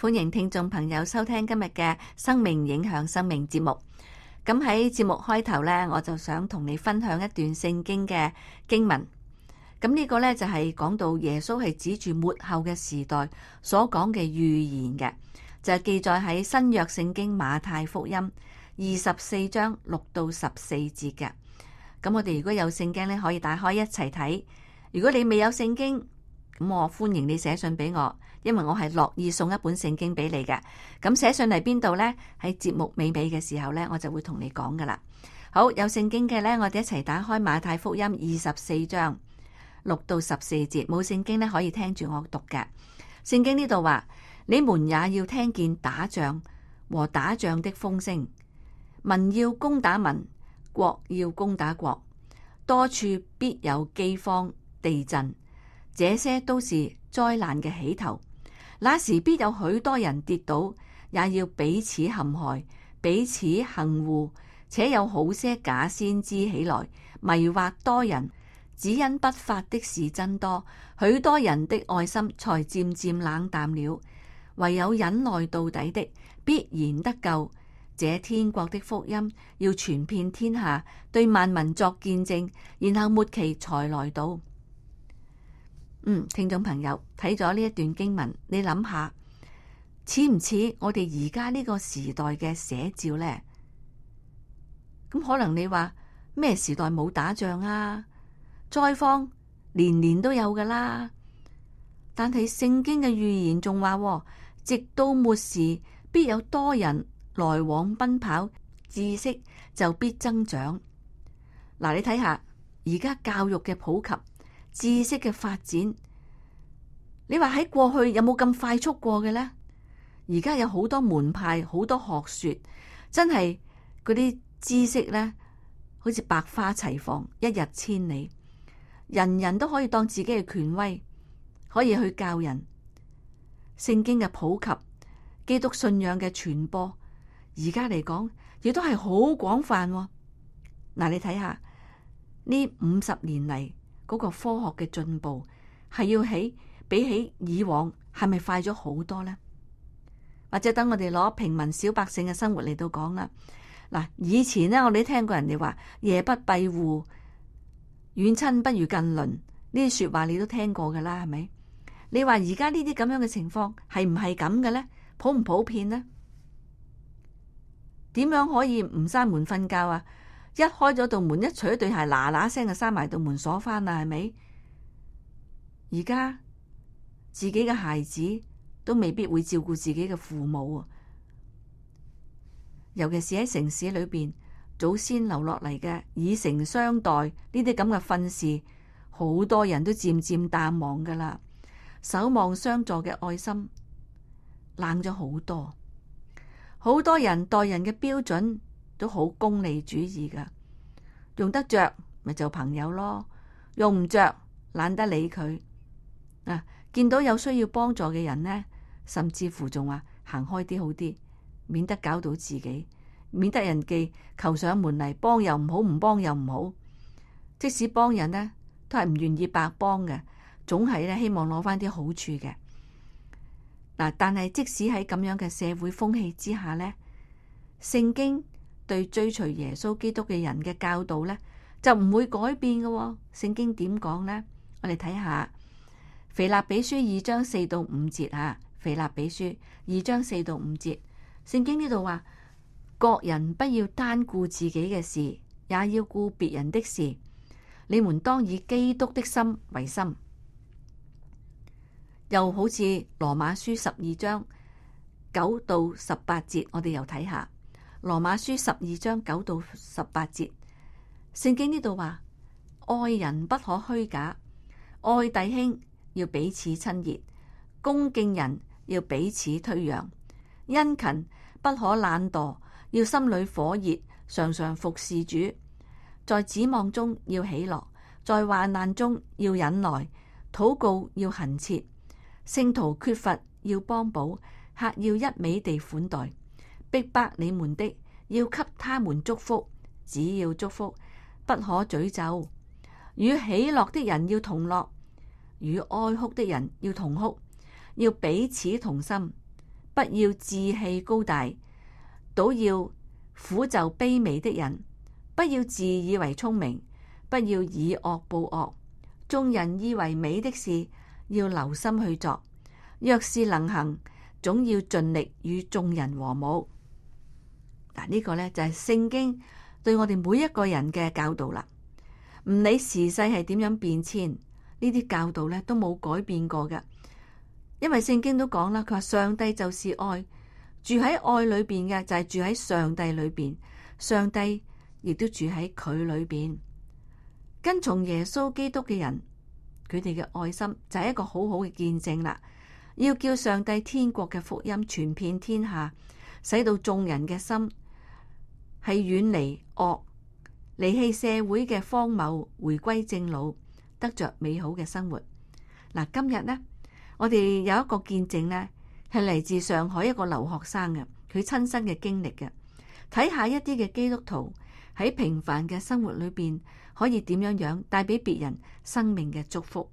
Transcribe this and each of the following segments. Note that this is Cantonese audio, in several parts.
歡迎聽眾朋友收聽今日嘅生命影響生命節目。咁喺節目開頭呢，我就想同你分享一段聖經嘅經文。咁呢個呢，就係講到耶穌係指住末後嘅時代所講嘅預言嘅，就係記載喺新約聖經馬太福音二十四章六到十四節嘅。咁我哋如果有聖經咧，可以打開一齊睇。如果你未有聖經，咁我歡迎你寫信俾我。因為我係樂意送一本聖經俾你嘅，咁寫信嚟邊度呢？喺節目尾尾嘅時候呢，我就會同你講噶啦。好，有聖經嘅呢，我哋一齊打開馬太福音二十四章六到十四節。冇聖經呢，可以聽住我讀嘅。聖經呢度話：你們也要聽見打仗和打仗的風聲，民要攻打民，國要攻打國，多處必有饑荒、地震，這些都是災難嘅起頭。那時必有許多人跌倒，也要彼此陷害，彼此恨惡，且有好些假先知起來，迷惑多人。只因不法的事增多，許多人的愛心才漸漸冷淡了。唯有忍耐到底的，必然得救。這天國的福音要傳遍天下，對萬民作見證，然後末期才來到。嗯，聽眾朋友睇咗呢一段經文，你諗下似唔似我哋而家呢個時代嘅寫照咧？咁可能你話咩時代冇打仗啊？災荒年年都有㗎啦。但係聖經嘅預言仲話，直到末時必有多人來往奔跑，知識就必增長。嗱，你睇下而家教育嘅普及。知識嘅發展，你話喺過去有冇咁快速過嘅呢？而家有好多門派，好多學說，真係嗰啲知識咧，好似百花齊放，一日千里，人人都可以當自己嘅權威，可以去教人。聖經嘅普及，基督信仰嘅傳播，而家嚟講亦都係好廣泛喎。嗱，你睇下呢五十年嚟。嗰個科學嘅進步係要起比起以往係咪快咗好多呢？或者等我哋攞平民小百姓嘅生活嚟到講啦。嗱，以前咧，我哋聽過人哋話夜不閉戶、遠親不如近鄰呢啲說話你，你都聽過噶啦，係咪？你話而家呢啲咁樣嘅情況係唔係咁嘅呢？普唔普遍呢？點樣可以唔閂門瞓覺啊？一開咗道門，一除咗對鞋，嗱嗱聲就閂埋道門鎖翻啦，係咪？而家自己嘅孩子都未必會照顧自己嘅父母，尤其是喺城市裏邊，祖先留落嚟嘅以誠相待呢啲咁嘅訓示，好多人都漸漸淡忘噶啦，守望相助嘅愛心冷咗好多，好多人待人嘅標準。都好功利主義噶，用得着咪就，就朋友咯，用唔着懶得理佢嗱、啊。見到有需要幫助嘅人呢，甚至乎仲話行開啲好啲，免得搞到自己，免得人哋求上門嚟幫又唔好，唔幫又唔好。即使幫人呢，都係唔願意白幫嘅，總係咧希望攞翻啲好處嘅嗱、啊。但係即使喺咁樣嘅社會風氣之下呢，聖經。對追隨耶穌基督嘅人嘅教導呢，就唔會改變嘅、哦。聖經點講呢？我哋睇下《腓立比書》二章四到五節吓，《腓立比書》二章四到五節，聖經呢度話：各人不要單顧自己嘅事，也要顧別人的事。你們當以基督的心為心。又好似《羅馬書》十二章九到十八節，我哋又睇下。羅馬書十二章九到十八節，聖經呢度話：愛人不可虛假，愛弟兄要彼此親熱，恭敬人要彼此推讓，殷勤不可懶惰，要心裏火熱，常常服侍主。在指望中要喜樂，在患難中要忍耐，禱告要恒切，聖徒缺乏要幫補，客要一味地款待。逼迫你們的要給他們祝福，只要祝福，不可詛咒。與喜樂的人要同樂，與哀哭的人要同哭，要彼此同心，不要志氣高大，倒要苦就卑微的人。不要自以為聰明，不要以惡報惡。眾人以為美的事，要留心去做。若是能行，總要盡力與眾人和睦。嗱，呢、啊這個咧就係聖經對我哋每一個人嘅教導啦。唔理時勢係點樣變遷，呢啲教導咧都冇改變過嘅。因為聖經都講啦，佢話上帝就是愛，住喺愛裏邊嘅就係住喺上帝裏邊，上帝亦都住喺佢裏邊。跟從耶穌基督嘅人，佢哋嘅愛心就係一個好好嘅見證啦。要叫上帝天國嘅福音傳遍天下，使到眾人嘅心。係遠離惡，離棄社會嘅荒謬，回歸正路，得着美好嘅生活。嗱，今日呢，我哋有一個見證呢，係嚟自上海一個留學生嘅，佢親身嘅經歷嘅，睇下一啲嘅基督徒喺平凡嘅生活裏面，可以點樣樣帶俾別人生命嘅祝福。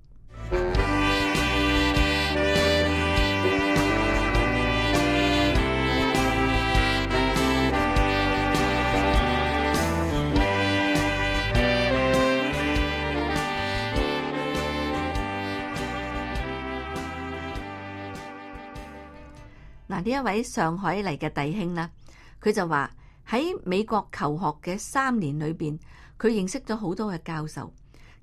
呢一位上海嚟嘅弟兄啦，佢就話喺美國求學嘅三年裏邊，佢認識咗好多嘅教授，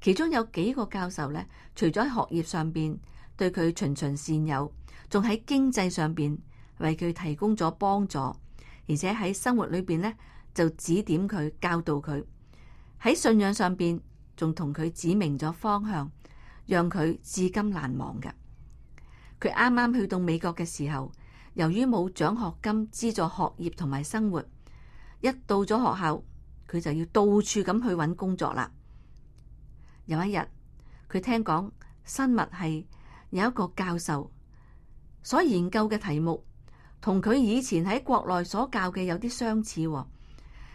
其中有幾個教授咧，除咗喺學業上邊對佢循循善誘，仲喺經濟上邊為佢提供咗幫助，而且喺生活裏邊咧就指點佢教導佢，喺信仰上邊仲同佢指明咗方向，讓佢至今難忘嘅。佢啱啱去到美國嘅時候，由於冇獎學金資助學業同埋生活，一到咗學校，佢就要到處咁去搵工作啦。有一日，佢聽講生物系有一個教授所研究嘅題目，同佢以前喺國內所教嘅有啲相似，哦，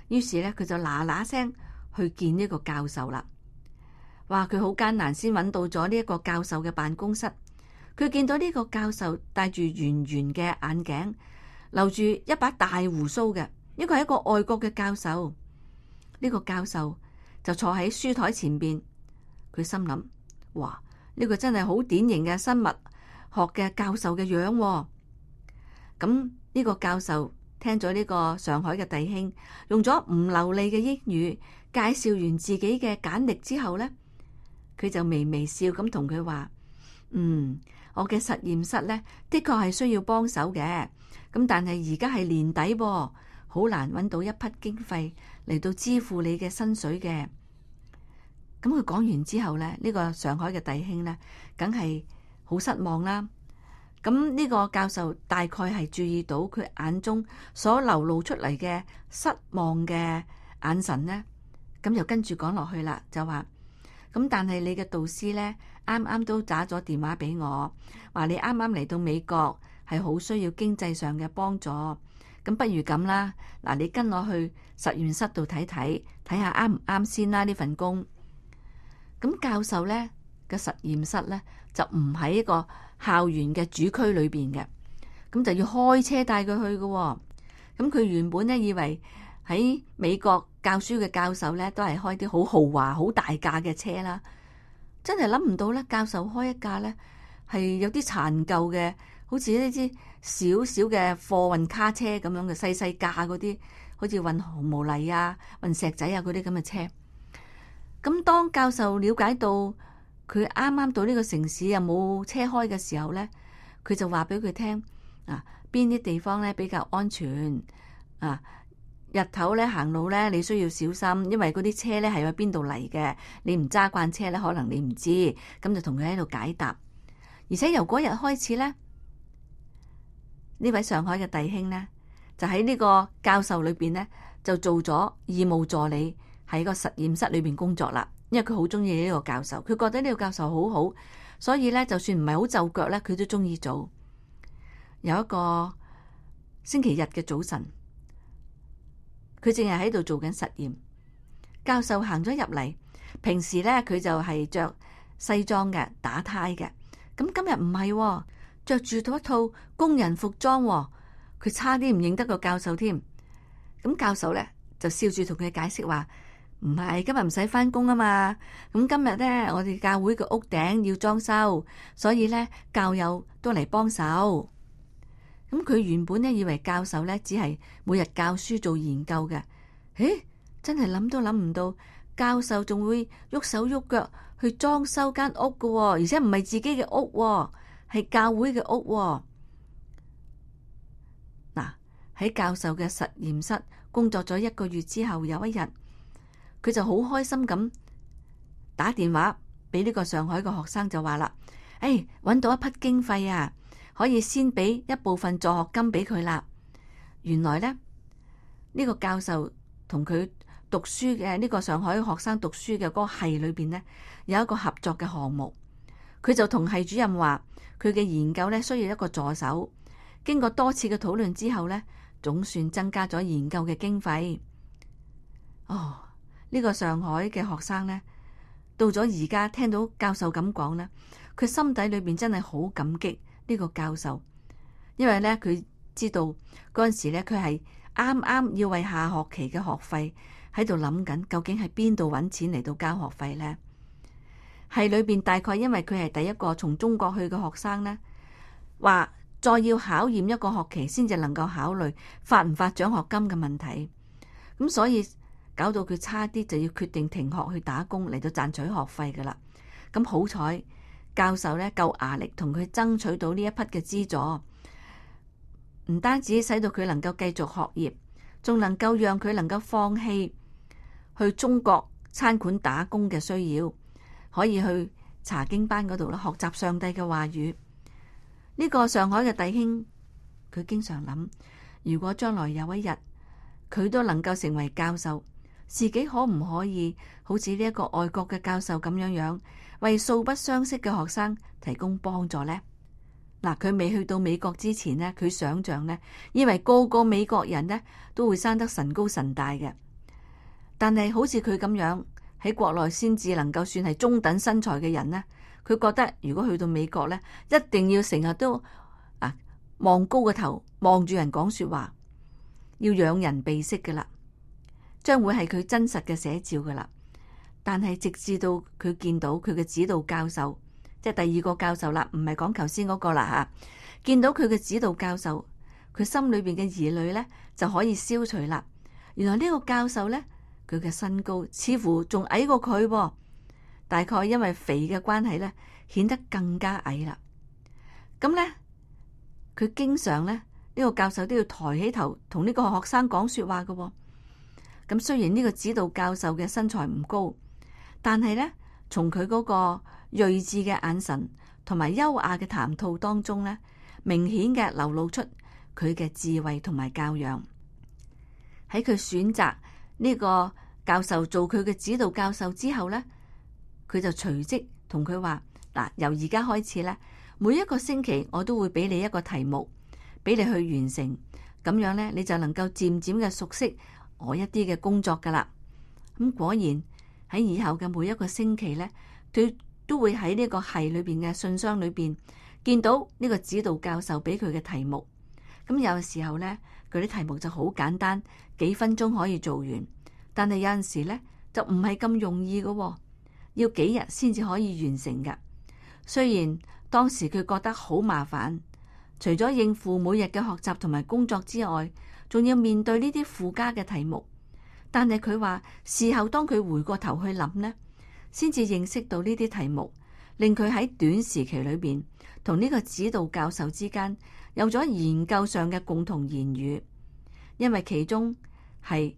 於是咧佢就嗱嗱聲去見呢個教授啦。話佢好艱難先搵到咗呢一個教授嘅辦公室。佢見到呢個教授戴住圓圓嘅眼鏡，留住一把大鬍鬚嘅，呢個係一個外國嘅教授。呢個教授就坐喺書枱前面，佢心諗：哇，呢個真係好典型嘅生物學嘅教授嘅樣。咁呢個教授聽咗呢個上海嘅弟兄用咗唔流利嘅英語介紹完自己嘅簡歷之後咧，佢就微微笑咁同佢話：嗯。我嘅實驗室咧，的確係需要幫手嘅。咁但係而家係年底噃，好難揾到一筆經費嚟到支付你嘅薪水嘅。咁佢講完之後咧，呢個上海嘅弟兄咧，梗係好失望啦。咁呢個教授大概係注意到佢眼中所流露出嚟嘅失望嘅眼神咧，咁就跟住講落去啦，就話，咁但係你嘅導師咧。啱啱都打咗電話俾我，話你啱啱嚟到美國，係好需要經濟上嘅幫助，咁不如咁啦，嗱，你跟我去實驗室度睇睇，睇下啱唔啱先啦呢份工。咁教授呢個實驗室呢，就唔喺一個校園嘅主區裏邊嘅，咁就要開車帶佢去嘅，哦。咁佢原本呢，以為喺美國教書嘅教授呢，都係開啲好豪華、好大架嘅車啦。真係諗唔到咧，教授開一架咧，係有啲殘舊嘅，好似呢啲少少嘅貨運卡車咁樣嘅細細架嗰啲，好似運紅毛泥啊、運石仔啊嗰啲咁嘅車。咁當教授了解到佢啱啱到呢個城市又冇車開嘅時候咧，佢就話俾佢聽啊，邊啲地方咧比較安全啊。日頭咧行路咧，你需要小心，因為嗰啲車咧係喺邊度嚟嘅。你唔揸慣車咧，可能你唔知，咁就同佢喺度解答，而且由嗰日開始咧，呢位上海嘅弟兄咧，就喺呢個教授裏邊咧，就做咗義務助理喺個實驗室裏邊工作啦。因為佢好中意呢個教授，佢覺得呢個教授好好，所以咧，就算唔係好就腳咧，佢都中意做。有一個星期日嘅早晨。佢正係喺度做緊實驗，教授行咗入嚟。平時咧佢就係、哦、着西裝嘅打呔嘅，咁今日唔係，着住套一套工人服裝、哦。佢差啲唔認得個教授添。咁教授咧就笑住同佢解釋話：唔係今日唔使返工啊嘛。咁今日咧我哋教會嘅屋頂要裝修，所以咧教友都嚟幫手。咁佢原本咧，以為教授咧只係每日教書做研究嘅。誒，真係諗都諗唔到，教授仲會喐手喐腳去裝修間屋嘅喎，而且唔係自己嘅屋喎，係教會嘅屋喎。嗱，喺教授嘅實驗室工作咗一個月之後，有一日，佢就好開心咁打電話俾呢個上海嘅學生就，就話啦，誒，搵到一筆經費啊！可以先俾一部分助學金俾佢啦。原來呢，呢個教授同佢讀書嘅呢個上海學生讀書嘅嗰系裏邊呢，有一個合作嘅項目，佢就同系主任話佢嘅研究呢，需要一個助手。經過多次嘅討論之後呢，總算增加咗研究嘅經費。哦，呢個上海嘅學生呢，到咗而家聽到教授咁講呢，佢心底裏邊真係好感激。呢個教授，因為咧佢知道嗰陣時咧佢係啱啱要為下學期嘅學費喺度諗緊，究竟喺邊度揾錢嚟到交學費呢？系裡邊大概因為佢係第一個從中國去嘅學生呢，話再要考驗一個學期先至能夠考慮發唔發獎學金嘅問題，咁所以搞到佢差啲就要決定停學去打工嚟到賺取學費噶啦，咁好彩。教授咧夠牙力同佢爭取到呢一筆嘅資助，唔單止使到佢能夠繼續學業，仲能夠讓佢能夠放棄去中國餐館打工嘅需要，可以去查經班嗰度咧學習上帝嘅話語。呢、這個上海嘅弟兄，佢經常諗：如果將來有一日，佢都能夠成為教授，自己可唔可以好似呢一個外國嘅教授咁樣樣？為素不相識嘅學生提供幫助呢。嗱，佢未去到美國之前呢，佢想象呢，以為個個美國人呢都會生得神高神大嘅，但係好似佢咁樣喺國內先至能夠算係中等身材嘅人呢，佢覺得如果去到美國呢，一定要成日都啊望高個頭，望住人講說話，要仰人鼻息噶啦，將會係佢真實嘅寫照噶啦。但係，直至到佢見到佢嘅指導教授，即係第二個教授啦，唔係講頭先嗰個啦吓。見到佢嘅指導教授，佢心裏邊嘅疑慮咧就可以消除啦。原來呢個教授咧，佢嘅身高似乎仲矮過佢，大概因為肥嘅關係咧，顯得更加矮啦。咁咧，佢經常咧呢個教授都要抬起頭同呢個學生講說話嘅。咁雖然呢個指導教授嘅身材唔高。但係咧，從佢嗰個睿智嘅眼神同埋優雅嘅談吐當中咧，明顯嘅流露出佢嘅智慧同埋教養。喺佢選擇呢個教授做佢嘅指導教授之後咧，佢就隨即同佢話：嗱，由而家開始咧，每一個星期我都會俾你一個題目，俾你去完成，咁樣咧你就能夠漸漸嘅熟悉我一啲嘅工作噶啦。咁果然。喺以後嘅每一個星期咧，佢都會喺呢個系裏邊嘅信箱裏邊見到呢個指導教授俾佢嘅題目。咁有時候咧，佢啲題目就好簡單，幾分鐘可以做完。但係有陣時咧，就唔係咁容易嘅喎、哦，要幾日先至可以完成嘅。雖然當時佢覺得好麻煩，除咗應付每日嘅學習同埋工作之外，仲要面對呢啲附加嘅題目。但係佢話事後，當佢回過頭去諗呢，先至認識到呢啲題目令佢喺短時期裏邊同呢個指導教授之間有咗研究上嘅共同言語，因為其中係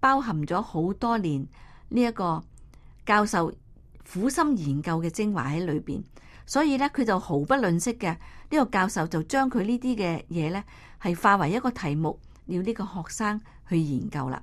包含咗好多年呢一個教授苦心研究嘅精華喺裏邊，所以呢，佢就毫不吝嗇嘅，呢個教授就將佢呢啲嘅嘢呢，係化為一個題目，要呢個學生去研究啦。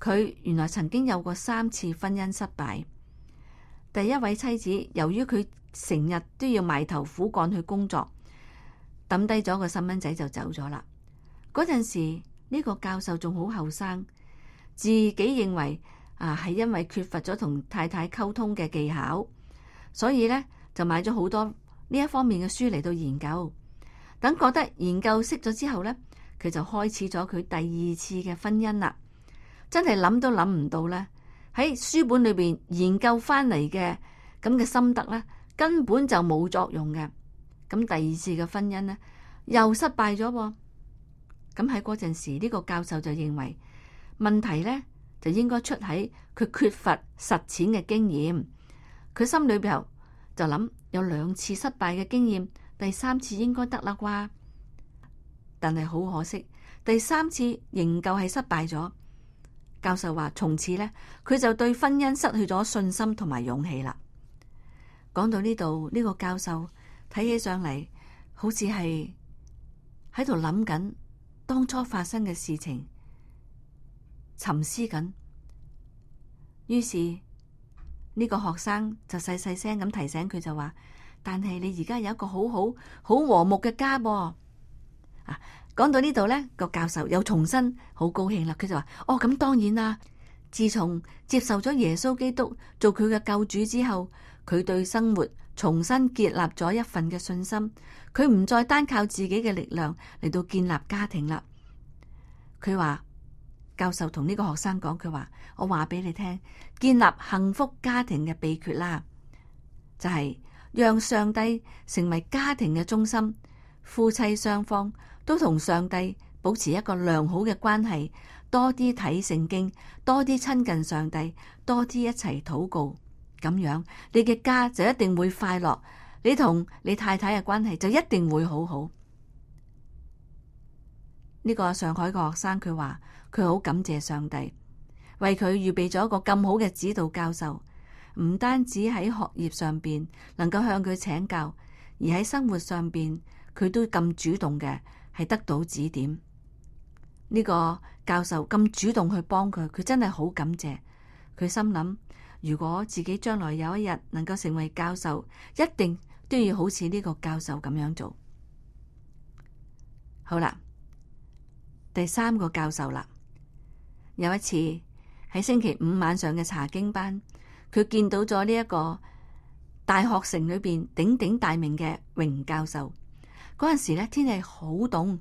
佢原來曾經有過三次婚姻失敗。第一位妻子，由於佢成日都要埋頭苦幹去工作，抌低咗個細蚊仔就走咗啦。嗰陣時，呢個教授仲好後生，自己認為啊，係因為缺乏咗同太太溝通嘅技巧，所以咧就買咗好多呢一方面嘅書嚟到研究。等覺得研究識咗之後咧，佢就開始咗佢第二次嘅婚姻啦。真係諗都諗唔到咧，喺書本裏邊研究翻嚟嘅咁嘅心得咧，根本就冇作用嘅。咁第二次嘅婚姻咧又失敗咗喎，咁喺嗰陣時呢個教授就認為問題咧就應該出喺佢缺乏實踐嘅經驗。佢心裏邊就諗有兩次失敗嘅經驗，第三次應該得啦啩。但係好可惜，第三次仍舊係失敗咗。教授話：從此呢，佢就對婚姻失去咗信心同埋勇氣啦。講到呢度，呢個教授睇起上嚟好似係喺度諗緊當初發生嘅事情，沉思緊。於是呢個學生就細細聲咁提醒佢就話，但係你而家有一個好好好和睦嘅家噃啊！講到呢度，呢個教授又重新好高興啦。佢就話：哦，咁當然啦，自從接受咗耶穌基督做佢嘅救主之後，佢對生活重新建立咗一份嘅信心。佢唔再單靠自己嘅力量嚟,到建立家庭啦。佢話，教授同呢個學生講：佢話，我話俾你聽，建立幸福家庭嘅秘訣啦，就係讓上帝成為家庭嘅中心，夫妻雙方。都同上帝保持一個良好嘅關係，多啲睇聖經，多啲親近上帝，多啲一齊禱告，咁樣你嘅家就一定會快樂，你同你太太嘅關係就一定會好好。呢個上海嘅學生，佢話佢好感謝上帝為佢預備咗一個咁好嘅指導教授，唔單止喺學業上邊能夠向佢請教，而喺生活上邊佢都咁主動嘅。係得到指點，呢、這個教授咁主動去幫佢，佢真係好感謝。佢心諗，如果自己將來有一日能夠成為教授，一定都要好似呢個教授咁樣做。好啦，第三個教授啦，有一次喺星期五晚上嘅查經班，佢見到咗呢一個大學城裏邊鼎鼎大名嘅榮教授。嗰陣時咧，天氣好凍，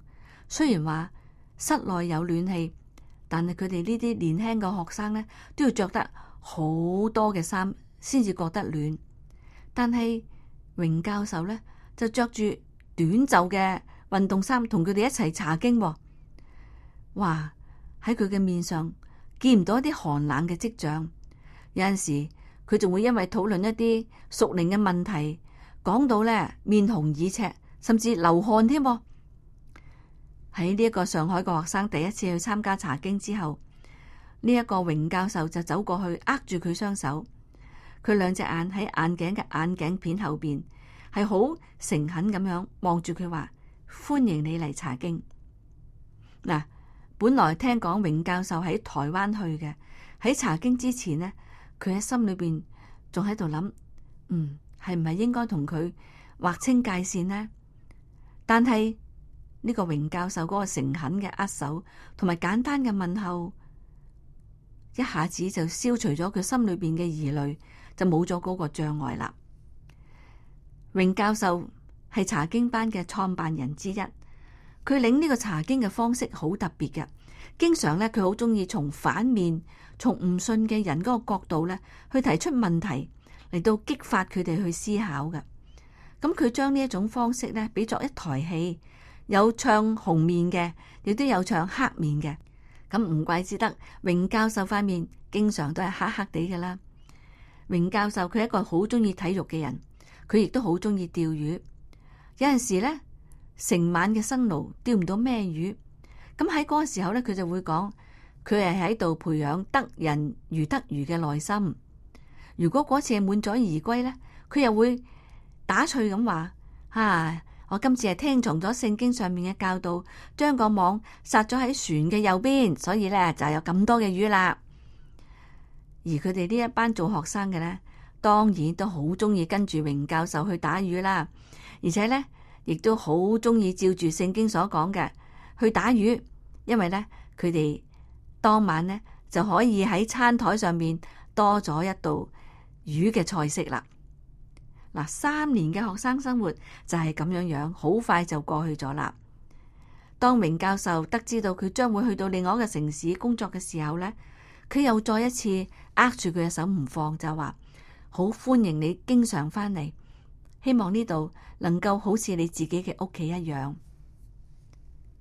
雖然話室內有暖氣，但係佢哋呢啲年輕嘅學生咧，都要着得好多嘅衫先至覺得暖。但係榮教授咧就着住短袖嘅運動衫，同佢哋一齊查經，哦。哇！喺佢嘅面上見唔到一啲寒冷嘅跡象。有陣時佢仲會因為討論一啲熟齡嘅問題，講到咧面紅耳赤。甚至流汗添喎。喺呢一個上海嘅學生第一次去參加查經之後，呢、這、一個榮教授就走過去握住佢雙手，佢兩隻眼喺眼鏡嘅眼鏡片後邊，係好誠懇咁樣望住佢話：歡迎你嚟查經。嗱，本來聽講榮教授喺台灣去嘅，喺查經之前呢，佢喺心裏邊仲喺度諗，嗯，係唔係應該同佢劃清界線呢？」但係呢個榮教授嗰個誠懇嘅握手同埋簡單嘅問候，一下子就消除咗佢心裏邊嘅疑慮，就冇咗嗰個障礙啦。榮教授係查經班嘅創辦人之一，佢領呢個查經嘅方式好特別嘅，經常咧佢好中意從反面，從唔信嘅人嗰個角度咧去提出問題嚟到激發佢哋去思考嘅。咁佢將呢一種方式咧，比作一台戲，有唱紅面嘅，亦都有唱黑面嘅。咁唔怪之得，榮教授塊面經常都係黑黑哋㗎喇。榮教授佢係一個好鍾意體育嘅人，佢亦都好鍾意釣魚。有陣時咧，成晚嘅辛勞釣唔到咩魚，咁喺嗰個時候咧，佢就會講，佢係喺度培養得人如得魚嘅內心。如果嗰次係滿載而歸咧，佢又會打趣咁話：啊，我今次係聽從咗聖經上面嘅教導，將個網撒咗喺船嘅右邊，所以呢就有咁多嘅魚啦。而佢哋呢一班做學生嘅呢，當然都好中意跟住榮教授去打魚啦，而且呢亦都好中意照住聖經所講嘅去打魚，因為呢，佢哋當晚呢就可以喺餐台上面多咗一道魚嘅菜式啦。三年嘅學生生活就係咁樣樣，好快就過去咗啦。當明教授得知到佢將會去到另外一個嘅城市工作嘅時候呢，佢又再一次握住佢嘅手唔放，就話好歡迎你經常翻嚟，希望呢度能夠好似你自己嘅屋企一樣。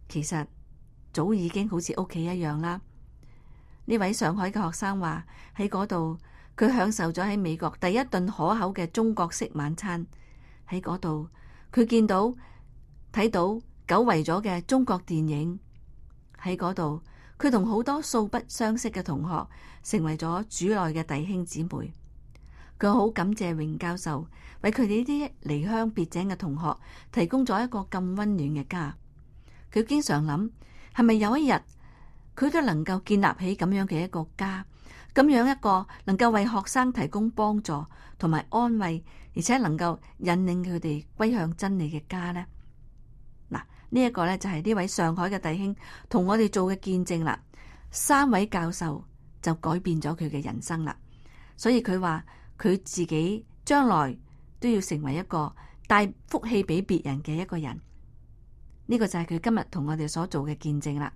其實早已經好似屋企一樣啦。呢位上海嘅學生話喺嗰度。佢享受咗喺美國第一頓可口嘅中國式晚餐，喺嗰度佢見到睇到久違咗嘅中國電影，喺嗰度佢同好多素不相識嘅同學成為咗主內嘅弟兄姊妹。佢好感謝榮教授為佢哋呢啲離鄉別井嘅同學提供咗一個咁溫暖嘅家。佢經常諗，係咪有一日，佢都能夠建立起咁樣嘅一個家？咁樣一個能夠為學生提供幫助同埋安慰，而且能夠引領佢哋歸向真理嘅家呢，嗱呢一個咧就係呢位上海嘅弟兄同我哋做嘅見證啦。三位教授就改變咗佢嘅人生啦，所以佢話佢自己將來都要成為一個帶福氣俾別人嘅一個人。呢個就係佢今日同我哋所做嘅見證啦。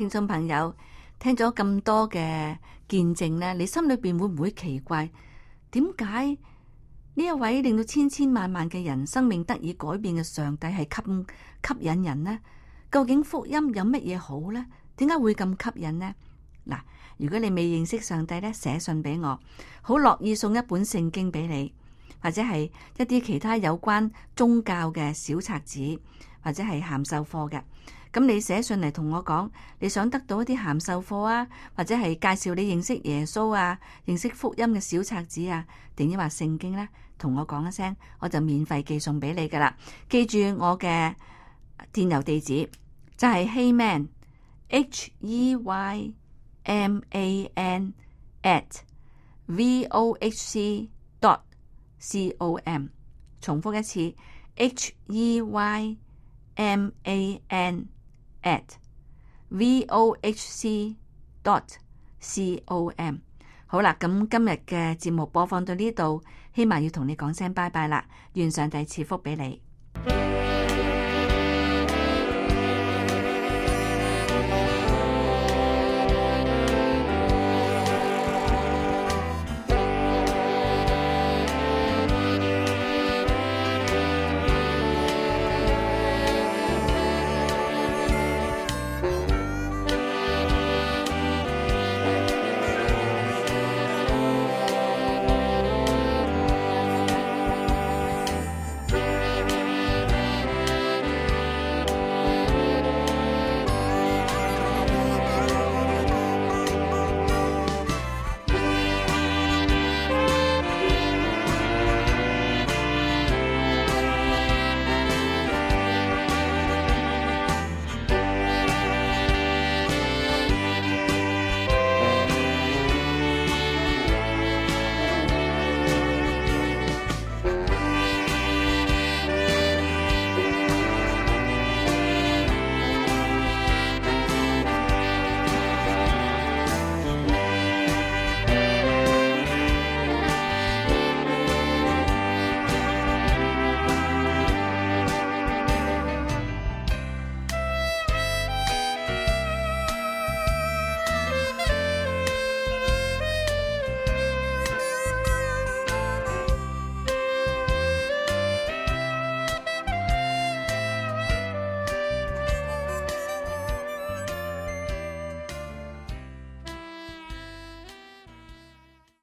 聽眾朋友，聽咗咁多嘅見證咧，你心裏邊會唔會奇怪？點解呢一位令到千千萬萬嘅人生命得以改變嘅上帝係吸吸引人呢？究竟福音有乜嘢好呢？點解會咁吸引呢？嗱，如果你未認識上帝咧，寫信俾我，好樂意送一本聖經俾你，或者係一啲其他有關宗教嘅小冊子，或者係函授課嘅。咁你寫信嚟同我講，你想得到一啲函授課啊，或者係介紹你認識耶穌啊，認識福音嘅小冊子啊，定抑或聖經呢？同我講一聲，我就免費寄送畀你㗎喇。記住我嘅電郵地址就係 Heyman H E Y M A N at v o h c dot c o m。重複一次，H E Y M A N。At VOHC.com 好啦，咁今日嘅節目播放到呢度，希望要同你講聲拜拜啦，願上帝賜福畀你。